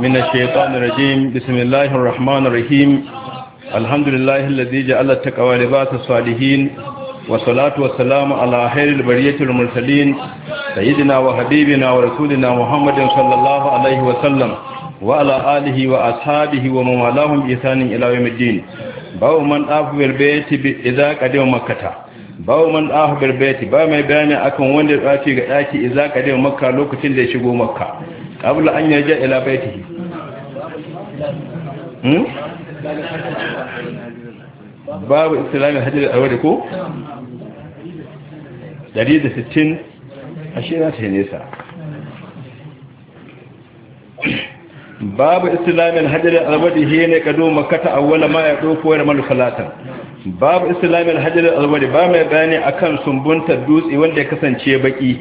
من الشيطان الرجيم بسم الله الرحمن الرحيم الحمد لله الذي جعل التقوى لباس الصالحين والصلاة والسلام على خير البرية المرسلين سيدنا وحبيبنا ورسولنا محمد صلى الله عليه وسلم وعلى آله وأصحابه ومن والاهم بإحسان إلى يوم الدين باو من آف بالبيت إذا قدم مكة باو من آف بالبيت باو ما يبان أكون وندر آتي إذا قدم مكة لوكتين ليشغو مكة qabla an yarja ila baitihi hmm babu islamin hajjar alwadi ko 160 ashe za ta yi nesa babu islamin hajjar alwadi he ne kado makata awwala ma ya doko yar malu salatan babu islamin hajjar alwadi ba mai a kan sumbunta dutse wanda ya kasance baki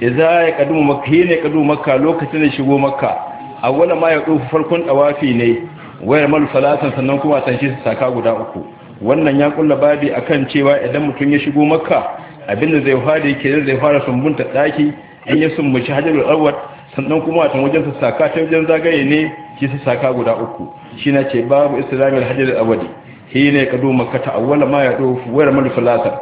idza ya kadumu makka hina ya kadumu makka lokacin da shigo makka awwala ma ya dofu farkon dawafi ne wayar mal salatan sannan kuma san shi saka guda uku wannan ya kulla babi akan cewa idan mutum ya shigo makka abinda zai fara yake zai fara sumbunta daki in ya sumbuci hajarul awwal sannan kuma a wajen saka ta wajen zagaye ne shi saka guda uku shi na ce babu islamil hajarul awwal hina ya kadu makka ta awwala ma ya dofu wayar mal salatan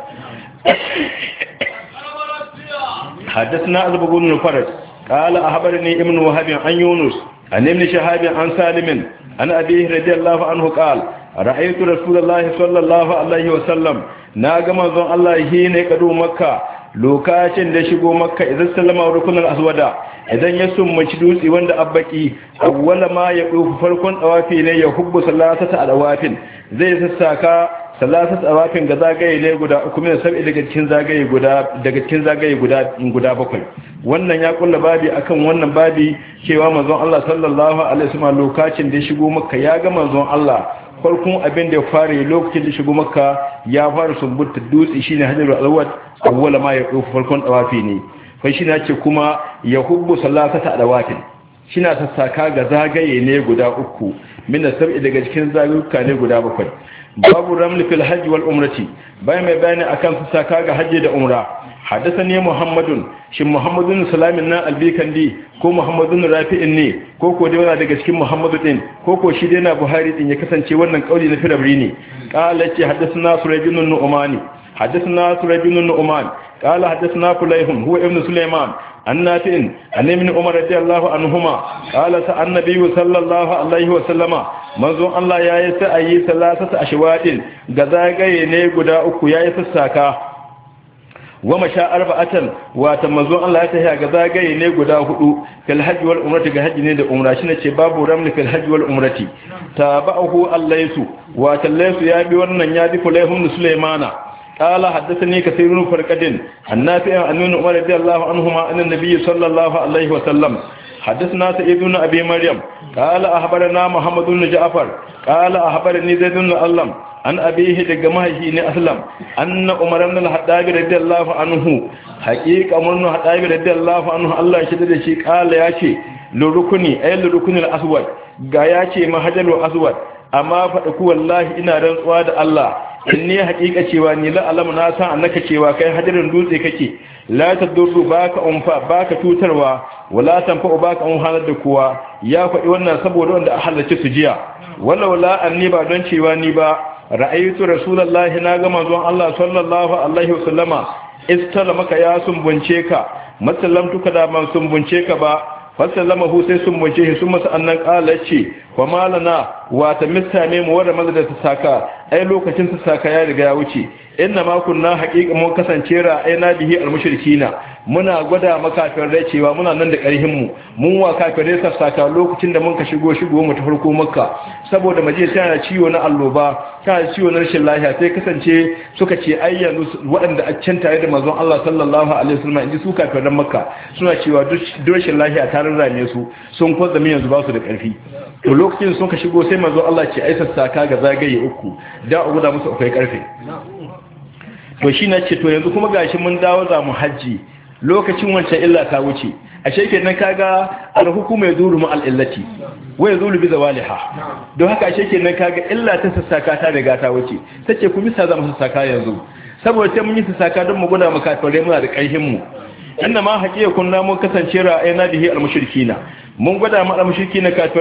حدثنا أبو بن الفرج قال أخبرني ابن وهب عن يونس عن ابن شهاب عن سالم عن أبيه رضي الله عنه قال رأيت رسول الله صلى الله عليه وسلم ناقم ظن الله هنا يقدو مكة lokacin da shigo makka idan sallama rukunan aswada idan ya summaci dutse wanda abbaki awwala ma ya dofu farkon dawafi ne ya hubbu a dawafin zai sassaka salatu tsawafin ga zagaye ne guda uku ne sab'i daga cikin zagaye guda daga cikin zagaye guda guda bakwai wannan ya kulla babi akan wannan babi cewa manzon Allah sallallahu alaihi wasallam lokacin da ya shigo makka ya ga manzon Allah farkon abin da ya fara lokacin da shigo makka ya fara sumbunta dutse shine hajarul alwad awwala ma ya farkon tsawafi ne fa shine yake kuma yahubbu salasa tsawafin Shina sassaka ga zagaye ne guda uku da sab'i daga cikin zagayuka ne guda bakwai babu ramli fil hajji wal umrati bai mai bayani akan sassaka ga hajji da umra ne muhammadun shin muhammadun salamin nan albikandi ko muhammadun rafi'in ne ko ko dai wani daga cikin muhammadu din ko ko shi dai na buhari din ya kasance wannan kauli na firabri ne qala ce haddathana surajun nu'mani haddathana surajun nu'man qala haddathana fulayhun huwa ibnu sulaiman annatin أن ابن umar radiyallahu anhuma qala قال annabi sallallahu alaihi wa وسلم Allah ya yi sa'ayi salasata ashwadin ga zagaye ne guda uku ya yi sassaka goma sha arba'atan wata manzon Allah ya tafiya ga zagaye ne guda hudu fil hajji wal umrati ga hajji ne da umra shi ce babu ramli fil hajji wal umrati tabahu allaysu wata laysu ya bi wannan ya bi fulaihun sulaimana قال حدثني كثير بن فرقد النافع أن عمر رضي الله عنهما أن النبي صلى الله عليه وسلم حدثنا سعيد بن أبي مريم قال أخبرنا محمد بن جعفر قال أخبرني زيد بن ألم عن أبيه دجمه حين أسلم أن عمر بن الخطاب رضي الله عنه حقيقة عمر بن الخطاب رضي الله عنه الله شدد شي قال يا شي لركني أي لركن الأسود ga ya ce mahajalu aswad amma faɗa ku wallahi ina rantsuwa da Allah in ne haƙiƙa cewa ni la alamu na san annaka cewa kai hadirin dutse kake la tadurru baka umfa baka tutarwa wala tanfa'u baka halar da kowa ya faɗi wannan saboda wanda halarci su jiya wala wala anni ba don cewa ni ba ra'aytu rasulullahi na ga manzon Allah sallallahu alaihi wasallama istalmaka ya sumbunce ka masallamtuka da man sumbunce ka ba fasallamahu sai sun mace shi sun masa annan kala ce wa malana wa ta mistame mu wanda maza da ta saka ai lokacin ta saka ya riga ya wuce inna ma kunna haqiqa mu kasance ra bihi al almushrikina muna gwada rai cewa muna nan da ƙarhinmu mun wa kafin rai sassaka lokacin da muka shigo shigo mu ta farko makka saboda maje tana da ciwo na alloba tana da ciwo na rashin lafiya sai kasance suka ce ai waɗanda a can tare da manzon Allah sallallahu alaihi wasallam inji su kafin ran makka suna cewa duk rashin lafiya ta rarrame su sun kwaza min yanzu ba su da ƙarfi to lokacin sun ka shigo sai manzon Allah ce ai sassaka ga zagaye uku da a guda musu akwai ƙarfi to shi na ce to yanzu kuma gashi mun dawo za mu hajji lokacin wancan illa ta wuce a shekin nan kaga alhukuma ya zuru ma'al illati wai bi zawaliha don haka a shekin nan kaga illa ta sassaka ta riga ta wuce sace ku bisa za mu sassaka yanzu saboda ta mun yi sassaka don mu gwada mu kafirai muna da ƙarfin mu inna ma haqiqa kunna mun kasance ra'ayna bihi al-mushrikina mun gwada mu al-mushrikina